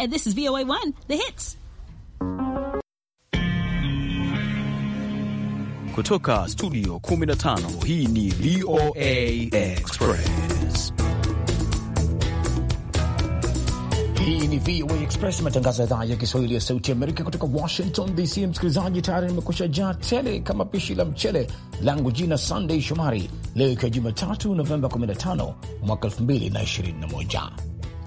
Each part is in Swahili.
and uh, this is VOA1, the hits. Kutoka studio 15 hii ni VOA Express. Hii ni VOA Express, matangazo ya idhaa ya Kiswahili ya Sauti Amerika kutoka Washington DC. Msikilizaji, tayari nimekusha jaa tele kama pishi la mchele langu. Jina Sunday Shomari, leo ikiwa Jumatatu Novemba 15 mwaka 2021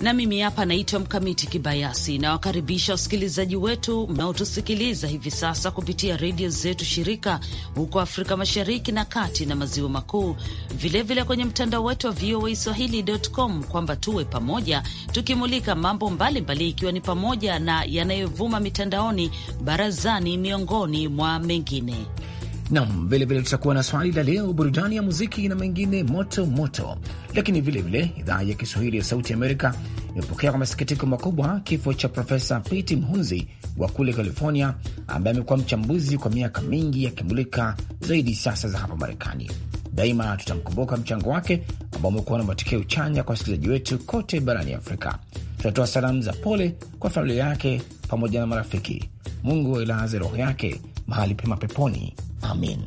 na mimi hapa naitwa Mkamiti Kibayasi. Nawakaribisha wasikilizaji wetu mnaotusikiliza hivi sasa kupitia redio zetu shirika huko Afrika Mashariki na Kati na Maziwa Makuu, vilevile kwenye mtandao wetu wa VOA Swahili.com, kwamba tuwe pamoja tukimulika mambo mbalimbali, ikiwa ni pamoja na yanayovuma mitandaoni, barazani, miongoni mwa mengine. Nam, vilevile tutakuwa na swali la leo, burudani ya muziki na mengine moto moto. Lakini vilevile idhaa ya Kiswahili ya Sauti Amerika imepokea kwa masikitiko makubwa kifo cha Profesa Pete Mhunzi wa kule California, ambaye amekuwa mchambuzi kwa miaka mingi akimulika zaidi siasa za hapa Marekani. Daima tutamkumbuka mchango wake ambao umekuwa na matokeo chanya kwa wasikilizaji wetu kote barani Afrika. Tunatoa salamu za pole kwa familia yake pamoja na marafiki. Mungu ailaze roho yake mahali pema peponi. Amin.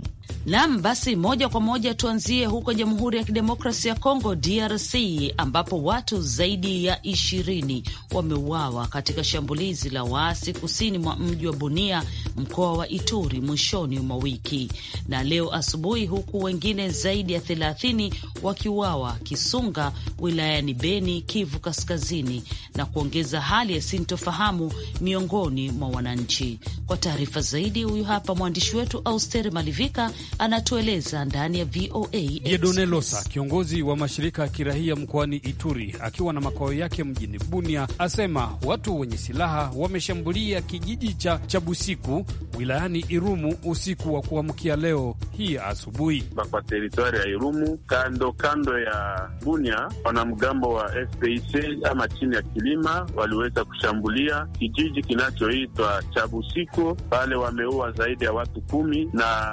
Nam, basi moja kwa moja tuanzie huko Jamhuri ya Kidemokrasia ya Kongo, DRC, ambapo watu zaidi ya ishirini wameuawa katika shambulizi la waasi kusini mwa mji wa Bunia, mkoa wa Ituri, mwishoni mwa wiki na leo asubuhi, huku wengine zaidi ya thelathini wakiuawa Kisunga wilayani Beni, Kivu Kaskazini, na kuongeza hali ya sintofahamu miongoni mwa wananchi. Kwa taarifa zaidi, huyu hapa mwandishi wetu Austeri Malivika anatueleza ndani ya VOA. Jedone Losa, kiongozi wa mashirika ya kiraia mkoani Ituri akiwa na makao yake mjini Bunia, asema watu wenye silaha wameshambulia kijiji cha Chabusiku wilayani Irumu usiku wa kuamkia leo hii asubuhi kwa teritwari ya Irumu kando kando ya Bunia. Wanamgambo wa FPIC ama chini ya kilima waliweza kushambulia kijiji kinachoitwa Chabusiku, pale wameua zaidi ya watu kumi na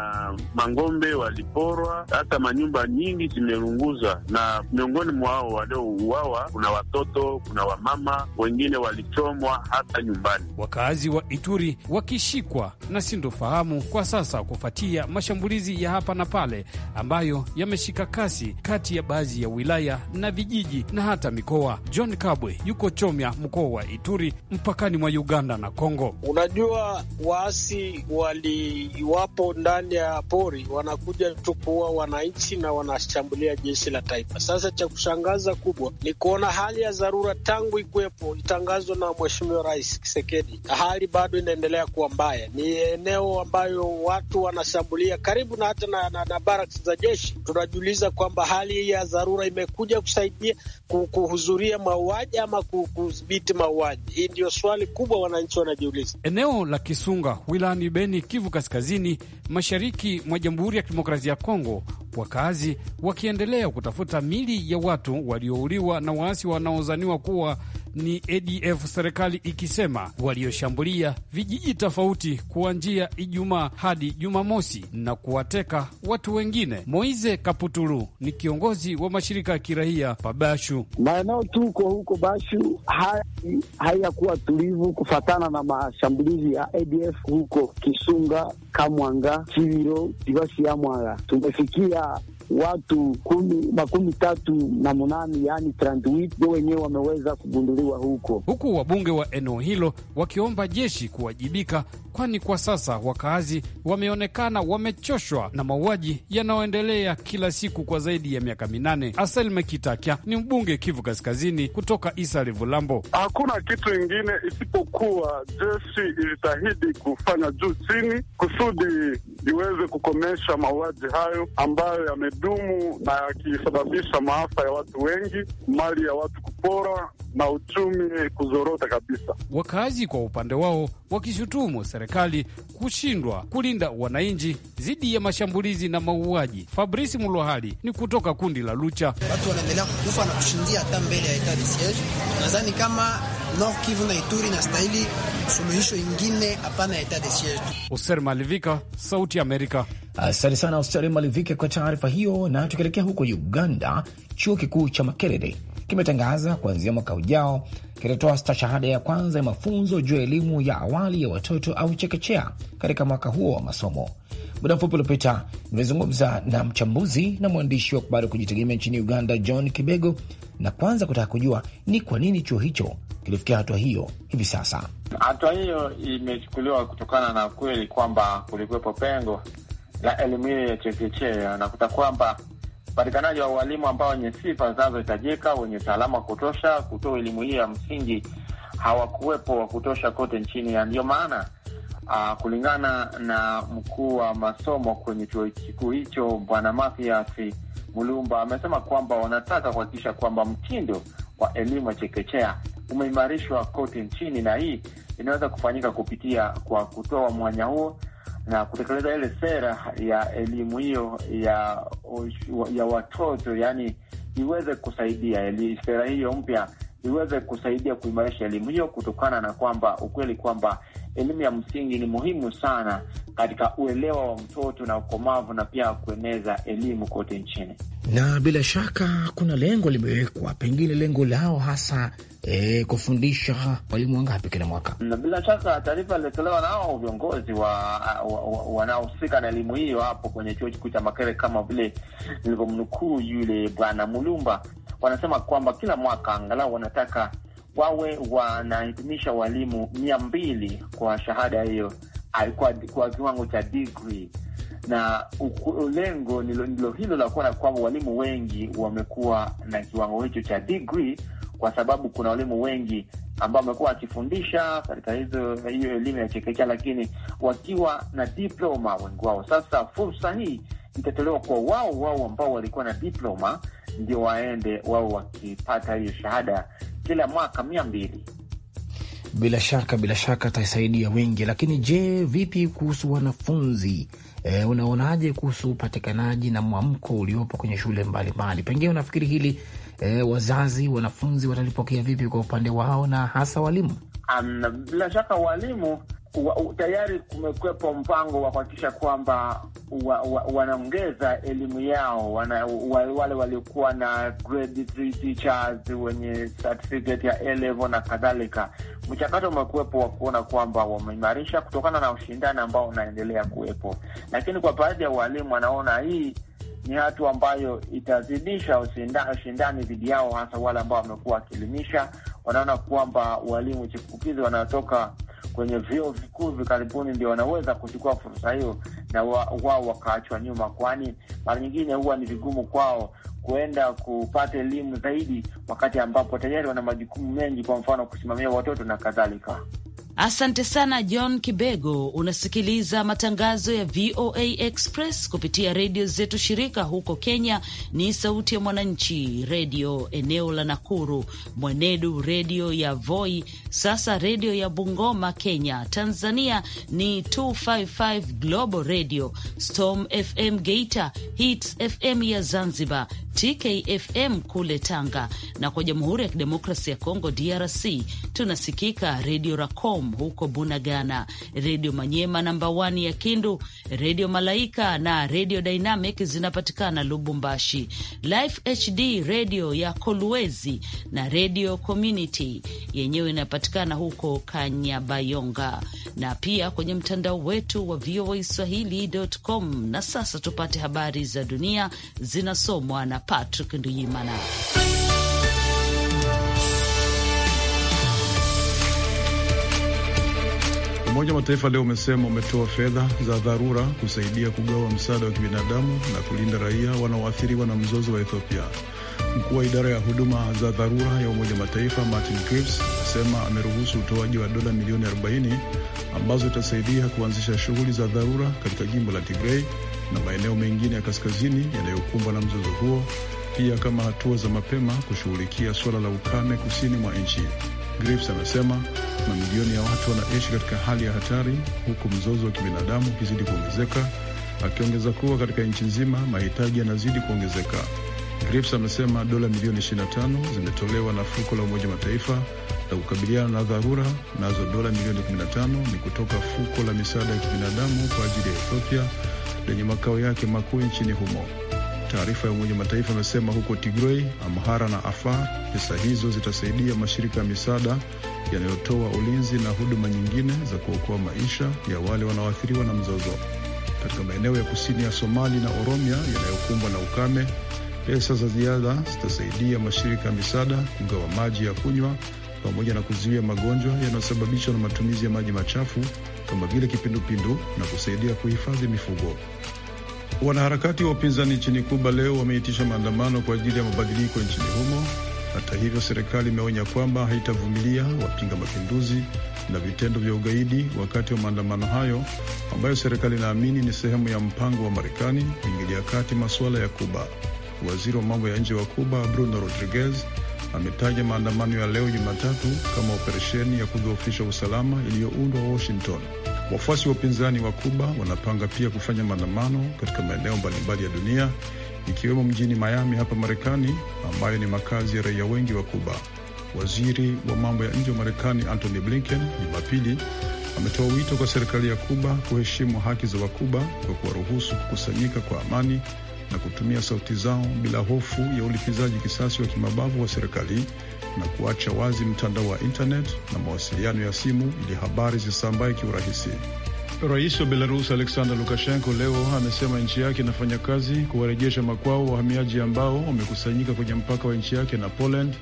ng'ombe waliporwa, hata manyumba nyingi zimerunguza na miongoni mwao waliouawa kuna watoto, kuna wamama, wengine walichomwa hata nyumbani. Wakaazi wa Ituri wakishikwa na sintofahamu kwa sasa kufuatia mashambulizi ya hapa na pale ambayo yameshika kasi kati ya baadhi ya wilaya na vijiji na hata mikoa. John Kabwe yuko Chomya, mkoa wa Ituri, mpakani mwa Uganda na Kongo. Unajua waasi waliwapo ndani ya pori wanakuja tu kuua wananchi na wanashambulia jeshi la taifa. Sasa cha kushangaza kubwa ni kuona hali ya dharura tangu ikuwepo itangazwa na Mheshimiwa Rais Kisekedi, hali bado inaendelea kuwa mbaya. Ni eneo ambayo watu wanashambulia karibu na hata na, na, na baraks za jeshi. Tunajiuliza kwamba hali ya dharura imekuja kusaidia kuhudhuria mauaji ama kudhibiti mauaji. Hii ndio swali kubwa wananchi wanajiuliza. Eneo la Kisunga wilayani Beni, Kivu Kaskazini, mashariki mwa Jamhuri ya Kidemokrasia ya Kongo, wakazi wakiendelea kutafuta mili ya watu waliouliwa na waasi wanaozaniwa kuwa ni ADF, serikali ikisema walioshambulia vijiji tofauti kuanzia Ijumaa hadi Jumamosi na kuwateka watu wengine. moise Kaputulu ni kiongozi wa mashirika ya kirahia pa Bashu. Maeneo tuko huko Bashu hayakuwa tulivu kufatana na mashambulizi ya ADF huko Kisunga, Kamwanga, Kiviro, Kivasi ya Mwanga tumefikia watu kumi, makumi tatu na munani yani ndio wenyewe wameweza kugunduliwa huko, huku wabunge wa eneo hilo wakiomba jeshi kuwajibika, kwani kwa sasa wakaazi wameonekana wamechoshwa na mauaji yanayoendelea kila siku kwa zaidi ya miaka minane. Asel Mekitakya ni mbunge Kivu Kaskazini kutoka Isari Vulambo. Hakuna kitu ingine isipokuwa jeshi ilitahidi kufanya juu chini kusudi iweze kukomesha mauaji hayo ambayo yame kidumu na yakisababisha maafa ya watu wengi, mali ya watu kupora na uchumi kuzorota kabisa. Wakazi kwa upande wao wakishutumu serikali kushindwa kulinda wananchi dhidi ya mashambulizi na mauaji. Fabrice Mulwahali ni kutoka kundi la Lucha. Watu wanaendelea kukufa na kushindia hata mbele ya etat de siege. Nadhani kama Nord Kivu na Ituri na stahili suluhisho ingine, hapana etat de siege. Oser Malivika, Sauti ya Amerika. Asante sana Austari Malivike kwa taarifa hiyo. Na tukielekea huko Uganda, chuo kikuu cha Makerere kimetangaza kuanzia mwaka ujao kitatoa stashahada ya kwanza ya mafunzo juu ya elimu ya awali ya watoto au chekechea katika mwaka huo wa masomo. Muda mfupi uliopita nimezungumza na mchambuzi na mwandishi wa habari kujitegemea nchini Uganda, John Kibego, na kwanza kutaka kujua ni kwa nini chuo hicho kilifikia hatua hiyo hivi sasa. Hatua hiyo imechukuliwa kutokana na kweli kwamba kulikuwepo pengo la elimu hiyo ya chekechea, nakuta kwamba upatikanaji wa walimu ambao wenye sifa zinazohitajika, wenye taaluma kutosha kutoa elimu hiyo ya msingi hawakuwepo wa kutosha kote nchini, na ndio maana Uh, kulingana na mkuu wa masomo kwenye chuo kikuu hicho Bwana Mathias Mulumba amesema kwamba wanataka kuhakikisha kwamba mtindo wa elimu ya chekechea umeimarishwa kote nchini, na hii inaweza kufanyika kupitia kwa kutoa mwanya huo na kutekeleza ile sera ya elimu hiyo ya ya watoto, yani iweze kusaidia ili sera hiyo mpya iweze kusaidia kuimarisha elimu hiyo, kutokana na kwamba ukweli kwamba elimu ya msingi ni muhimu sana katika uelewa wa mtoto na ukomavu na pia kueneza elimu kote nchini na bila shaka kuna lengo limewekwa, pengine lengo lao hasa e, kufundisha walimu wangapi kila mwaka? Na bila shaka taarifa ilitolewa nao viongozi wanaohusika wa, wa, wa na elimu hiyo hapo kwenye chuo kikuu cha Makere, kama vile nilivyomnukuu yule bwana Mulumba, wanasema kwamba kila mwaka angalau wanataka wawe wanahitimisha walimu mia mbili kwa shahada hiyo kwa, kwa kiwango cha degree na lengo ndilo hilo la kuona kwamba walimu wengi wamekuwa na kiwango hicho cha degree, kwa sababu kuna walimu wengi ambao wamekuwa wakifundisha katika hizo hiyo elimu ya chekechea, lakini wakiwa na diploma wengi wao. Sasa fursa hii itatolewa kwa wao wao ambao walikuwa na diploma, ndio waende wao wakipata hiyo shahada kila mwaka mia mbili. Bila shaka, bila shaka atasaidia wengi, lakini je, vipi kuhusu wanafunzi E, unaonaje kuhusu upatikanaji na mwamko uliopo kwenye shule mbalimbali? Pengine unafikiri hili e, wazazi, wanafunzi watalipokea vipi kwa upande wao na hasa walimu? Um, bila shaka walimu tayari kumekwepo mpango wa kuhakikisha kwamba wa, wa, wanaongeza elimu yao wana, wa, wale waliokuwa na grade teachers wenye certificate ya A level na kadhalika. Mchakato umekuwepo wa kuona kwamba wameimarisha kutokana na ushindani ambao unaendelea kuwepo, lakini kwa baadhi ya walimu wanaona hii ni hatua ambayo itazidisha ushindani dhidi yao, hasa wale ambao wamekuwa wakielimisha. Wanaona kwamba walimu chipukizi wanaotoka kwenye vyuo vikuu vya karibuni ndio wanaweza kuchukua fursa hiyo na wao wa wakaachwa nyuma, kwani mara nyingine huwa ni vigumu kwao kuenda kupata elimu zaidi wakati ambapo tayari wana majukumu mengi, kwa mfano kusimamia watoto na kadhalika. Asante sana John Kibego. Unasikiliza matangazo ya VOA Express kupitia redio zetu shirika. Huko Kenya ni Sauti ya Mwananchi redio eneo la Nakuru, Mwenedu redio ya Voi, sasa redio ya Bungoma Kenya. Tanzania ni 255 Global Radio, Storm FM Geita, Hits FM ya Zanzibar, TKFM kule Tanga, na kwa Jamhuri ya Kidemokrasi ya Kongo DRC tunasikika redio Racom FM huko Bunagana, Redio Manyema namba 1 ya Kindu, Redio Malaika na Redio Dynamic zinapatikana Lubumbashi, Life HD redio ya Kolwezi na Redio Community yenyewe inapatikana huko Kanyabayonga, na pia kwenye mtandao wetu wa VOA Swahili.com. Na sasa tupate habari za dunia zinasomwa na Patrick Nduyimana. Umoja wa Mataifa leo umesema umetoa fedha za dharura kusaidia kugawa msaada wa kibinadamu na kulinda raia wanaoathiriwa na mzozo wa Ethiopia. Mkuu wa idara ya huduma za dharura ya Umoja Mataifa Martin Griffiths amesema ameruhusu utoaji wa dola milioni 40 ambazo itasaidia kuanzisha shughuli za dharura katika jimbo la Tigrei na maeneo mengine ya kaskazini yanayokumbwa na mzozo huo, pia kama hatua za mapema kushughulikia suala la ukame kusini mwa nchi. Griffiths amesema mamilioni ya watu wanaishi katika hali ya hatari huku mzozo wa kibinadamu ukizidi kuongezeka, akiongeza kuwa katika nchi nzima mahitaji yanazidi kuongezeka. Griffiths amesema dola milioni 25 zimetolewa na fuko la Umoja Mataifa la kukabiliana na dharura, nazo dola milioni 15 ni kutoka fuko la misaada ya kibinadamu kwa ajili ya Ethiopia lenye makao yake makuu nchini humo. Taarifa ya Umoja Mataifa amesema huko Tigrei, Amhara na Afar, pesa hizo zitasaidia mashirika ya misaada yanayotoa ulinzi na huduma nyingine za kuokoa maisha ya wale wanaoathiriwa na mzozo. Katika maeneo ya kusini ya Somali na Oromia yanayokumbwa na ukame, pesa za ziada zitasaidia mashirika ya misaada kugawa maji ya kunywa pamoja na kuzuia magonjwa yanayosababishwa na matumizi ya maji machafu kama vile kipindupindu na kusaidia kuhifadhi mifugo. Wanaharakati wa upinzani nchini Kuba leo wameitisha maandamano kwa ajili ya mabadiliko nchini humo. Hata hivyo, serikali imeonya kwamba haitavumilia wapinga mapinduzi na vitendo vya ugaidi wakati wa maandamano hayo ambayo serikali inaamini ni sehemu ya mpango wa Marekani kuingilia kati masuala ya Kuba. Waziri wa mambo ya nje wa Kuba Bruno Rodriguez ametaja maandamano ya leo Jumatatu kama operesheni ya kudhoofisha usalama iliyoundwa Washington. Wafuasi wa upinzani wa Kuba wanapanga pia kufanya maandamano katika maeneo mbalimbali ya dunia ikiwemo mjini Miami hapa Marekani, ambayo ni makazi ya raia wengi wa Kuba. Waziri wa mambo ya nje wa Marekani Antony Blinken Jumapili ametoa wito kwa serikali ya Kuba kuheshimu haki za Wakuba kwa kuwaruhusu kukusanyika kwa amani na kutumia sauti zao bila hofu ya ulipizaji kisasi wa kimabavu wa serikali na kuacha wazi mtandao wa intanet na mawasiliano ya simu ili habari zisambae kiurahisi. Rais wa Belarus Alexander Lukashenko leo amesema nchi yake inafanya kazi kuwarejesha makwao wahamiaji ambao wamekusanyika kwenye mpaka wa nchi yake na Poland,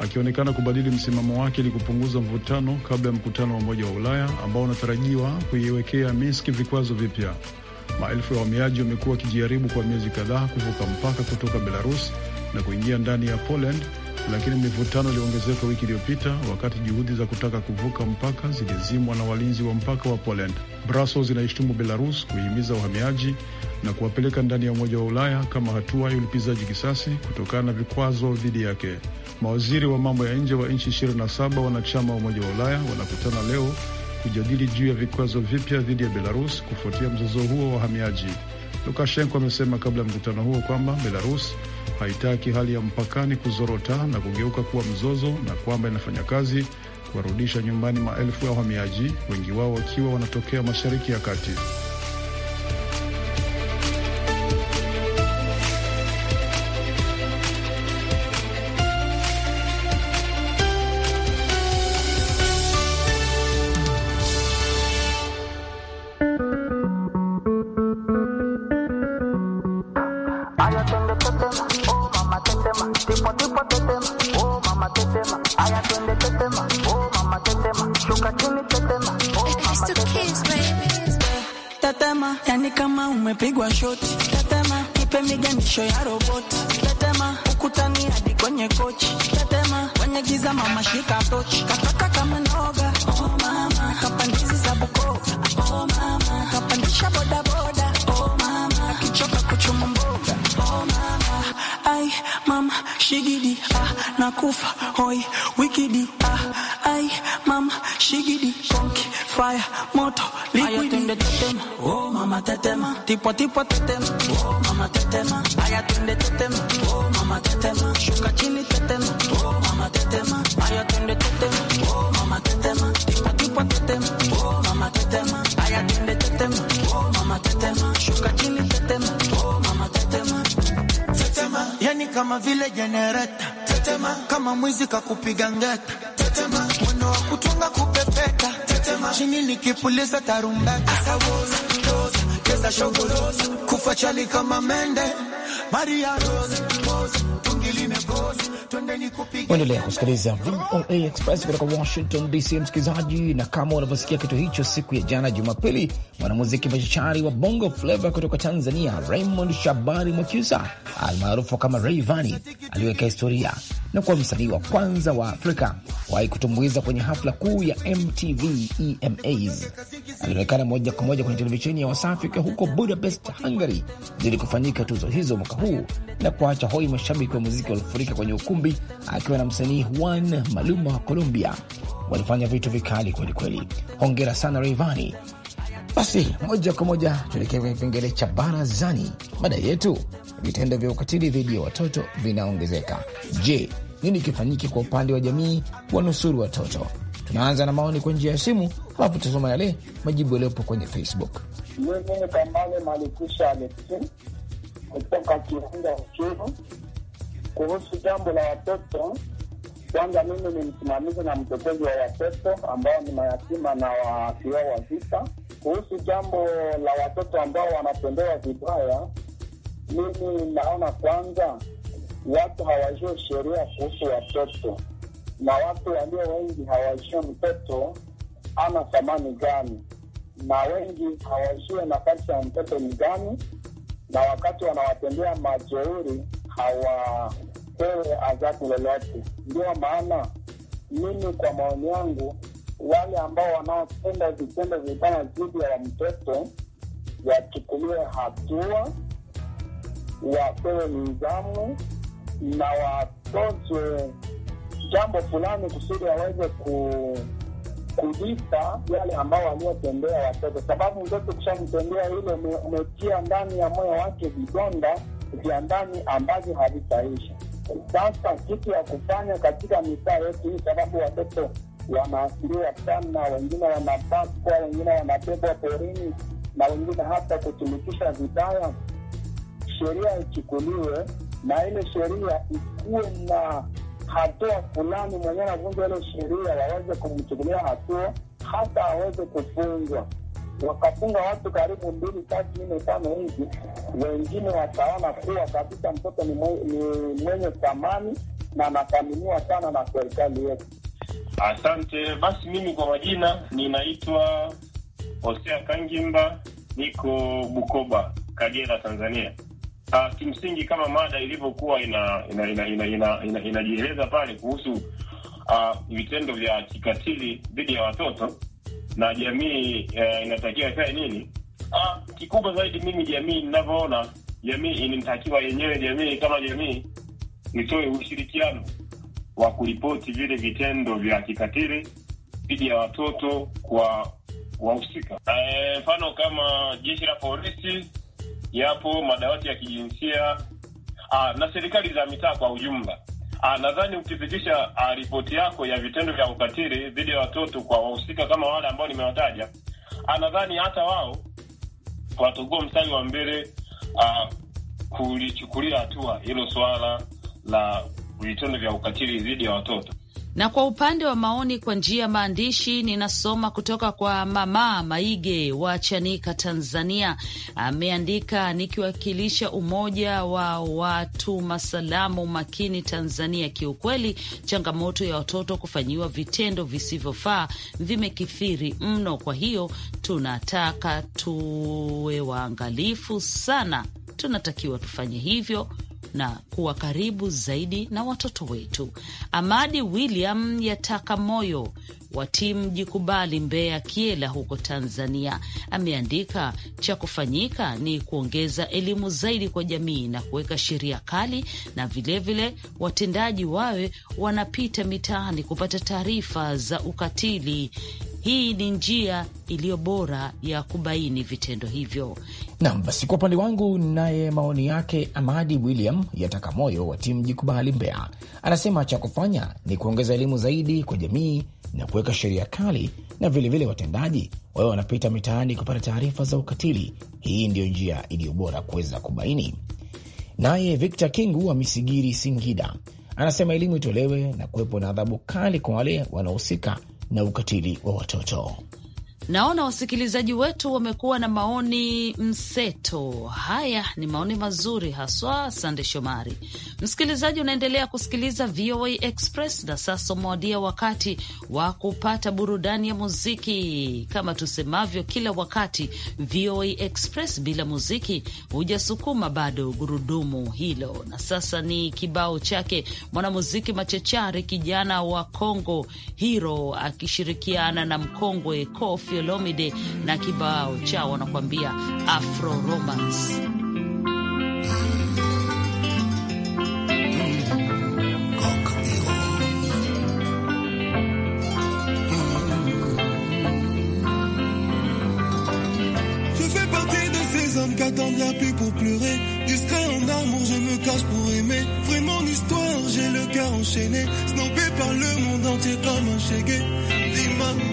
akionekana kubadili msimamo wake ili kupunguza mvutano kabla ya mkutano wa Umoja wa Ulaya ambao unatarajiwa kuiwekea miski vikwazo vipya. Maelfu ya wahamiaji wamekuwa wakijaribu kwa miezi kadhaa kuvuka mpaka kutoka Belarus na kuingia ndani ya Poland lakini mivutano iliongezeka wiki iliyopita wakati juhudi za kutaka kuvuka mpaka zilizimwa na walinzi wa mpaka wa Poland. Brussels inaishtumu Belarus kuhimiza uhamiaji na kuwapeleka ndani ya Umoja wa Ulaya kama hatua ya ulipizaji kisasi kutokana na vikwazo dhidi yake. Mawaziri wa mambo ya nje wa nchi 27 wanachama wa Umoja wa Ulaya wanakutana leo kujadili juu ya vikwazo vipya dhidi ya Belarus kufuatia mzozo huo wa uhamiaji Lukashenko amesema kabla ya mkutano huo kwamba Belarus haitaki hali ya mpakani kuzorota na kugeuka kuwa mzozo na kwamba inafanya kazi kuwarudisha nyumbani maelfu ya wahamiaji, wengi wao wakiwa wanatokea Mashariki ya Kati. shigidi ah, nakufa hoi wikidi ah, ai mama shigidi konki fire moto liquidi tetema oh mama tetema tipo tipo tetema oh mama tetema aya tunde tetema oh mama tetema shuka chini tetema oh mama tetema kama vile jenereta tetema, kama mwizi kakupiga ngeta tetema, mwendo wa kutunga kupepeta tetema, chini nikipuliza tarumbeta kufa chali kama mende Maria Rosa, Rosa, Uendelea kusikiliza VOA Express kutoka Washington DC, msikilizaji, na kama unavyosikia kitu hicho, siku ya jana Jumapili, mwanamuziki machachari wa bongo fleva kutoka Tanzania Raymond Shabani Mwakyusa almaarufu kama Rayvanny aliweka historia na kuwa msanii wa kwanza wa Afrika kuwahi kutumbuiza kwenye hafla kuu ya MTV EMAs. Alionekana moja kwa moja kwenye televisheni ya Wasafi akiwa huko Budapest, Hungary, zili kufanyika tuzo hizo mwaka huu na kuacha hoi mashabiki wa muziki waliofurika kwenye ukumbi, akiwa na msanii Juan Maluma wa Colombia. Walifanya vitu vikali kwelikweli. Hongera sana Rayvanny. Basi moja kwa moja tuelekea kwenye kipengele cha barazani. Mada yetu, vitendo vya ukatili dhidi ya watoto vinaongezeka. Je, nini kifanyike kwa upande wa jamii wanusuru watoto? Tunaanza na maoni kwa njia ya simu, halafu tutasoma yale majibu yaliyopo kwenye Facebook. Mimi Kambale Malikusha Alexi kutoka Kiunga Uchuru. Kuhusu jambo la watoto, kwanza mimi ni msimamizi na mtetezi wa watoto ambao ni mayatima na wakiwa wa vita. Kuhusu jambo la watoto ambao wanatendewa vibaya, mimi naona kwanza watu hawajue sheria kuhusu watoto, na watu walio wengi hawajue mtoto ana thamani gani, na wengi hawajue nafasi ya mtoto ni gani, na wakati wanawatendea majeuri hawapewe adhabu lolote. Ndio maana mimi kwa maoni yangu, wale ambao wanaotenda vitendo vibaya dhidi ya mtoto wachukuliwe hatua, wapewe nidhamu na watozwe jambo fulani kusudi waweze ku kulisa yale ambao waliotembea watoto, sababu mtoto kushamtendea ile, umetia ndani ya moyo wake vidonda vya ndani ambavyo havitaisha. Sasa kitu ya kufanya katika mitaa yetu hii, sababu watoto wanaathiriwa sana, wengine wanapakwa, wengine wanabebwa porini na wengine hata kutumikisha vibaya, sheria ichukuliwe na ile sheria ikuwe na hatua fulani, mwenyewe anavunja ile sheria waweze kumchukulia hatua, hata aweze kufungwa. Wakafunga watu karibu mbili tatu nne tano hivi, wengine wataona kuwa kabisa mtoto ni mwenye thamani na anathaminiwa sana na serikali yetu. Asante. Basi mimi kwa majina ninaitwa Hosea Kangimba, niko Bukoba, Kagera, Tanzania uh, kimsingi kama mada ilivyokuwa inajieleza ina, ina, ina, ina, ina, ina pale kuhusu ah, vitendo vya kikatili dhidi ya watoto na jamii uh, inatakiwa ikae nini. Uh, kikubwa zaidi mimi jamii ninavyoona, jamii inatakiwa yenyewe, jamii kama jamii nitoe ushirikiano wa kuripoti vile vitendo vya kikatili dhidi ya watoto kwa wahusika, eh, mfano uh, kama jeshi la polisi yapo madawati ya kijinsia aa, ah, na serikali za mitaa kwa ujumla. Ah, nadhani ukifikisha ah, ripoti yako ya vitendo vya ukatili dhidi ya watoto kwa wahusika kama wale ambao nimewataja, nadhani hata wao watakuwa mstari wa mbele kulichukulia hatua hilo swala la vitendo vya ukatili dhidi ya watoto. Na kwa upande wa maoni kwa njia ya maandishi, ninasoma kutoka kwa Mama Maige wa Chanika, Tanzania. Ameandika, nikiwakilisha umoja wa watu masalamu makini Tanzania, kiukweli changamoto ya watoto kufanyiwa vitendo visivyofaa vimekithiri mno. Kwa hiyo tunataka tuwe waangalifu sana, tunatakiwa tufanye hivyo na kuwa karibu zaidi na watoto wetu. Amadi William yataka moyo wa timu Jikubali Mbeya Kiela huko Tanzania ameandika, cha kufanyika ni kuongeza elimu zaidi kwa jamii na kuweka sheria kali, na vilevile vile watendaji wawe wanapita mitaani kupata taarifa za ukatili hii ni njia iliyo bora ya kubaini vitendo hivyo. Nam basi, kwa upande wangu naye maoni yake Amadi William yataka moyo wa timu Jikubali Mbeya anasema cha kufanya ni kuongeza elimu zaidi kwa jamii na kuweka sheria kali, na vilevile vile watendaji wawe wanapita mitaani kupata taarifa za ukatili. Hii ndiyo njia iliyo bora kuweza kubaini. Naye Victor Kingu wa Misigiri, Singida, anasema elimu itolewe na kuwepo na adhabu kali kwa wale wanaohusika na ukatili wa watoto. Naona wasikilizaji wetu wamekuwa na maoni mseto. Haya ni maoni mazuri haswa. Sande Shomari, msikilizaji unaendelea kusikiliza VOA Express na sasa umewadia wakati wa kupata burudani ya muziki. Kama tusemavyo kila wakati, VOA Express bila muziki hujasukuma bado gurudumu hilo. Na sasa ni kibao chake mwanamuziki machachari kijana wa Kongo Hiro akishirikiana na mkongwe Kofi Je fais na kibao chao wanakuambia Afro Romance. Qu'attendent la pluie pour pleurer. Distrait en amour, je me cache pour aimer. Vraiment mon histoire, j'ai le cœur enchaîné. Snobé par le monde entier comme un chégué. dis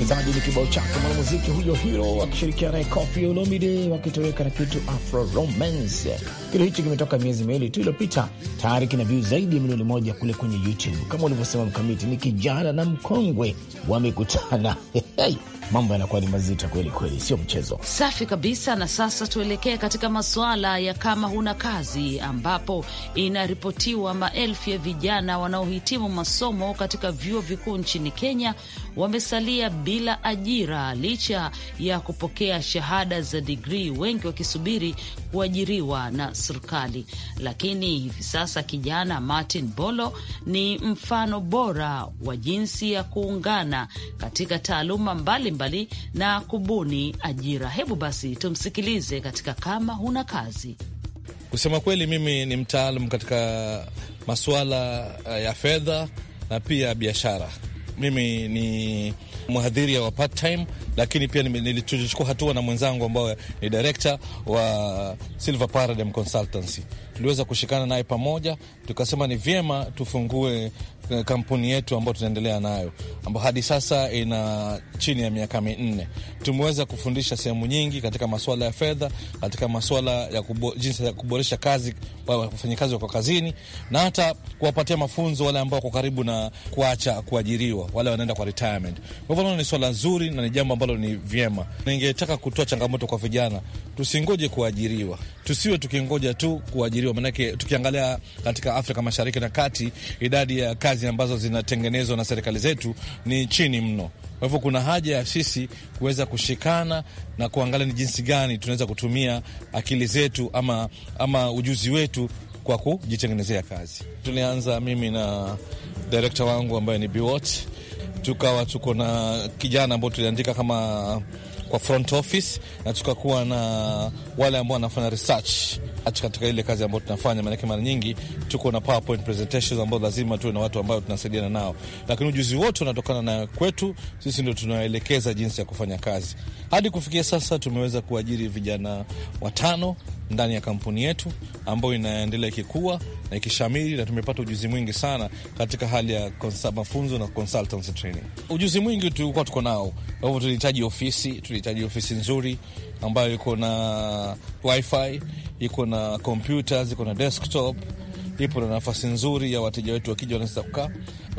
msikilizaji, ni kibao chake mwanamuziki huyo Hiro akishirikiana naye Koffi Olomide wakitoweka na kitu Afro Romance. Kitu hichi kimetoka miezi miwili tu iliyopita, tayari kina vyu zaidi ya milioni moja kule kwenye YouTube. Kama ulivyosema Mkamiti, ni kijana na mkongwe wamekutana. Mambo yanakuwa ni mazito kweli kweli, sio mchezo. Safi kabisa. Na sasa tuelekee katika masuala ya kama huna kazi, ambapo inaripotiwa maelfu ya vijana wanaohitimu masomo katika vyuo vikuu nchini Kenya wamesalia bila ajira licha ya kupokea shahada za digrii, wengi wakisubiri kuajiriwa na serikali. Lakini hivi sasa kijana Martin Bolo ni mfano bora wa jinsi ya kuungana katika taaluma mbalimbali mbali na kubuni ajira. Hebu basi tumsikilize katika kama huna kazi. Kusema kweli, mimi ni mtaalam katika masuala eh, ya fedha na pia biashara mimi ni mhadhiria wa part time, lakini pia nilichukua hatua na mwenzangu ambaye ni director wa Silver Paradigm Consultancy. Tuliweza kushikana naye pamoja, tukasema ni vyema tufungue Eh, kampuni yetu ambayo tunaendelea nayo ambayo hadi sasa ina chini ya miaka minne. Tumeweza kufundisha sehemu nyingi katika masuala ya fedha, katika masuala ya kubo, jinsi ya kuboresha kazi wafanyakazi wako kazini, na hata kuwapatia mafunzo wale ambao wako karibu na kuacha kuajiriwa, wale wanaenda kwa retirement. Kwa hivyo naona ni swala zuri na ni jambo ambalo ni vyema. Ningetaka kutoa changamoto kwa vijana, tusingoje kuajiriwa, tusiwe tukingoja tu kuajiriwa, maanake tukiangalia katika Afrika Mashariki na Kati idadi ya kazi kazi ambazo zinatengenezwa na serikali zetu ni chini mno. Kwa hivyo kuna haja ya sisi kuweza kushikana na kuangalia ni jinsi gani tunaweza kutumia akili zetu ama, ama ujuzi wetu kwa kujitengenezea kazi. Tulianza mimi na direkta wangu ambaye ni Biwot, tukawa tuko na kijana ambao tuliandika kama kwa front office na tukakuwa na wale ambao wanafanya research katika ile kazi ambayo tunafanya, maanake mara nyingi tuko na PowerPoint presentations ambazo lazima tuwe na watu ambao tunasaidiana nao, lakini ujuzi wote unatokana na kwetu sisi, ndio tunaelekeza jinsi ya kufanya kazi. Hadi kufikia sasa tumeweza kuajiri vijana watano ndani ya kampuni yetu ambayo inaendelea ikikua na ikishamiri, na tumepata ujuzi mwingi sana katika hali ya mafunzo na consultancy training. Ujuzi mwingi tulikuwa tuko nao, kwa hivyo tulihitaji ofisi, tulihitaji ofisi nzuri ambayo iko na wifi, iko na computers, iko na desktop ipo na nafasi nzuri ya wateja wetu wakija wanaweza kukaa.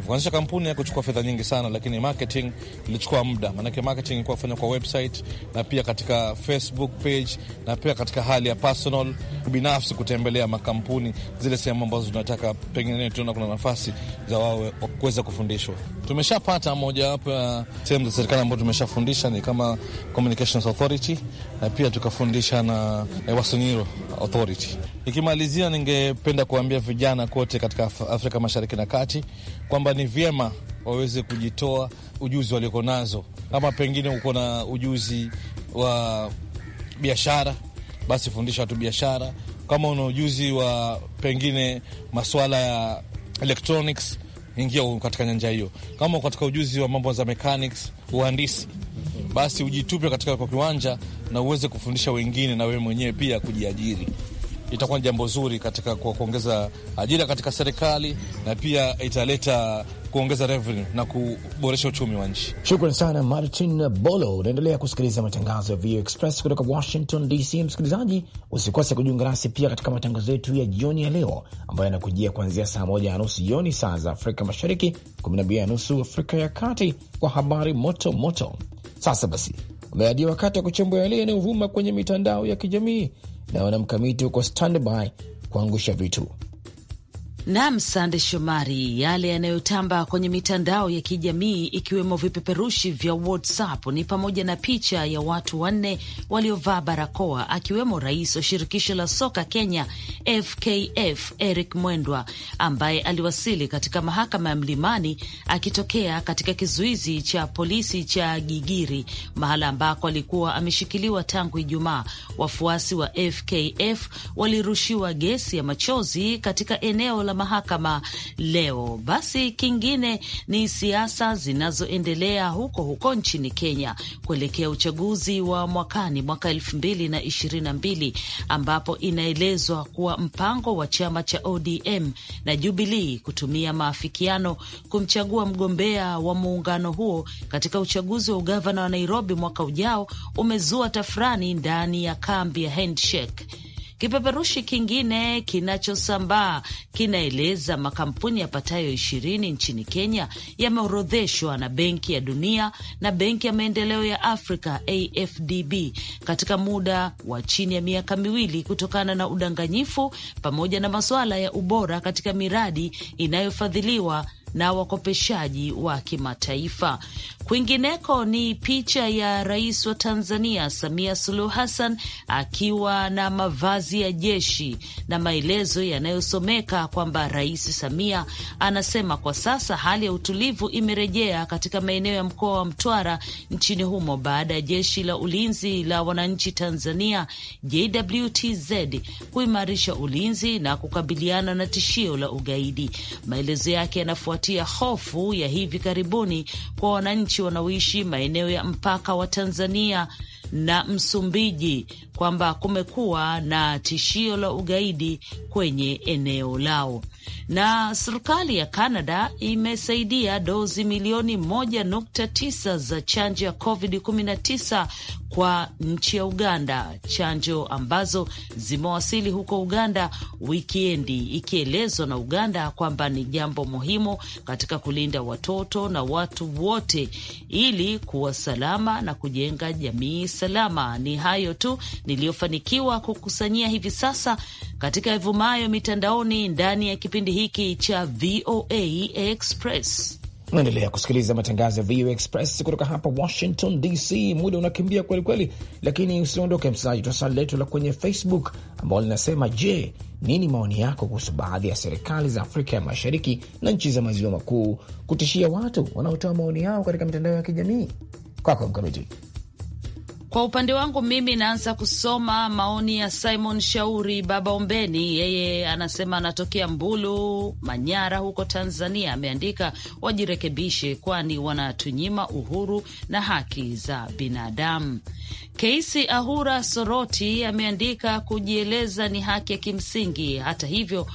Kuanzisha kampuni ya kuchukua fedha nyingi sana, lakini marketing ilichukua muda, maanake marketing ilikuwa fanya kwa website na pia katika Facebook page na pia katika hali ya personal binafsi, kutembelea makampuni zile sehemu ambazo tunataka, pengine tunaona kuna nafasi za wawe kuweza kufundishwa. Tumeshapata mojawapo ya sehemu za serikali ambayo tumeshafundisha ni kama Communications Authority na pia tukafundisha na eh, Wasonyiro Authority. Nikimalizia, ningependa kuambia vijana kote katika Afrika Mashariki na Kati kwa kwamba ni vyema waweze kujitoa ujuzi walioko nazo, kama pengine uko na ujuzi wa biashara, basi fundisha watu biashara. Kama una ujuzi wa pengine maswala ya electronics, ingia katika nyanja hiyo. Kama katika ujuzi wa mambo za mechanics, uhandisi, basi ujitupe katika kwa kiwanja na uweze kufundisha wengine na wewe mwenyewe pia kujiajiri itakuwa ni jambo zuri katika kwa kuongeza ajira katika serikali na pia italeta kuongeza revenue na kuboresha uchumi wa nchi. Shukran sana Martin Bolo. Unaendelea kusikiliza matangazo ya VOA Express kutoka Washington DC. Msikilizaji, usikose kujiunga nasi pia katika matangazo yetu ya jioni ya leo ambayo yanakujia kuanzia saa moja na nusu jioni saa za Afrika Mashariki, kumi na mbili na nusu Afrika ya Kati, kwa habari moto moto. Sasa basi, umeadia wakati wa kuchambua yale yanayovuma kwenye mitandao ya kijamii naona mkamiti uko standby kuangusha vitu. Nam Sande Shomari, yale yanayotamba kwenye mitandao ya kijamii ikiwemo vipeperushi vya WhatsApp ni pamoja na picha ya watu wanne waliovaa barakoa akiwemo rais wa shirikisho la soka Kenya FKF Eric Mwendwa ambaye aliwasili katika mahakama ya Mlimani akitokea katika kizuizi cha polisi cha Gigiri, mahala ambako alikuwa ameshikiliwa tangu Ijumaa. Wafuasi wa FKF walirushiwa gesi ya machozi katika eneo la la mahakama leo. Basi kingine ni siasa zinazoendelea huko huko nchini Kenya kuelekea uchaguzi wa mwakani mwaka elfu mbili na ishirini na mbili ambapo inaelezwa kuwa mpango wa chama cha ODM na Jubilii kutumia maafikiano kumchagua mgombea wa muungano huo katika uchaguzi wa ugavana wa Nairobi mwaka ujao umezua tafrani ndani ya kambi ya handshake Kipeperushi kingine kinachosambaa kinaeleza makampuni yapatayo ishirini nchini Kenya yameorodheshwa na Benki ya Dunia na Benki ya Maendeleo ya Afrika AFDB katika muda wa chini ya miaka miwili kutokana na udanganyifu pamoja na masuala ya ubora katika miradi inayofadhiliwa na wakopeshaji wa kimataifa. Kwingineko ni picha ya rais wa Tanzania Samia Suluhu Hassan akiwa na mavazi ya jeshi na maelezo yanayosomeka kwamba Rais Samia anasema kwa sasa hali ya utulivu imerejea katika maeneo ya mkoa wa Mtwara nchini humo baada ya jeshi la ulinzi la wananchi Tanzania JWTZ kuimarisha ulinzi na kukabiliana na tishio la ugaidi. Maelezo yake yanafuatia hofu ya hivi karibuni kwa wananchi wananchi wanaoishi maeneo ya mpaka wa Tanzania na Msumbiji kwamba kumekuwa na tishio la ugaidi kwenye eneo lao na serikali ya Canada imesaidia dozi milioni moja nukta tisa za chanjo ya COVID-19 kwa nchi ya Uganda, chanjo ambazo zimewasili huko Uganda wikiendi, ikielezwa na Uganda kwamba ni jambo muhimu katika kulinda watoto na watu wote ili kuwa salama na kujenga jamii salama. Ni hayo tu niliyofanikiwa kukusanyia hivi sasa katika evumayo mitandaoni ndani ya kipindi kipindi hiki cha VOA Express. Unaendelea kusikiliza matangazo ya VOA Express kutoka hapa Washington DC. Muda unakimbia kwelikweli, lakini usiondoke msikilizaji, twa swali letu la kwenye Facebook ambalo linasema je, nini maoni yako kuhusu baadhi ya serikali za Afrika ya Mashariki na nchi za maziwa makuu kutishia watu wanaotoa maoni yao katika mitandao ya kijamii? Kwako Mkamiti. Kwa upande wangu mimi naanza kusoma maoni ya Simon Shauri Baba Ombeni, yeye anasema anatokea Mbulu, Manyara huko Tanzania. Ameandika wajirekebishe, kwani wanatunyima uhuru na haki za binadamu. Keisi Ahura Soroti ameandika kujieleza ni haki ya kimsingi. Hata hivyo,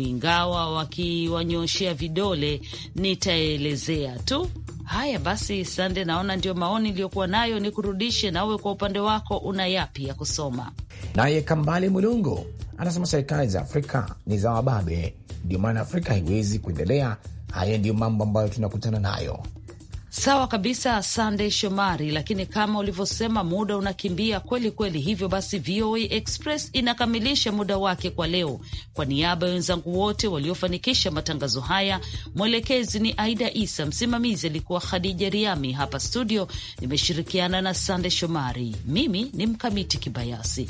ingawa wakiwanyoshea vidole, nitaelezea tu Haya basi, Sande, naona ndio maoni iliyokuwa nayo. Ni kurudishe nawe kwa upande wako, una yapi ya kusoma? Naye Kambale Mulungu anasema serikali za Afrika ni za wababe, ndio maana Afrika haiwezi kuendelea. Haya ndiyo mambo ambayo tunakutana nayo. Sawa kabisa, Sande Shomari, lakini kama ulivyosema muda unakimbia kweli kweli. Hivyo basi, VOA Express inakamilisha muda wake kwa leo. Kwa niaba ya wenzangu wote waliofanikisha matangazo haya, mwelekezi ni Aida Isa, msimamizi alikuwa Khadija Riami. Hapa studio nimeshirikiana na Sande Shomari, mimi ni Mkamiti Kibayasi.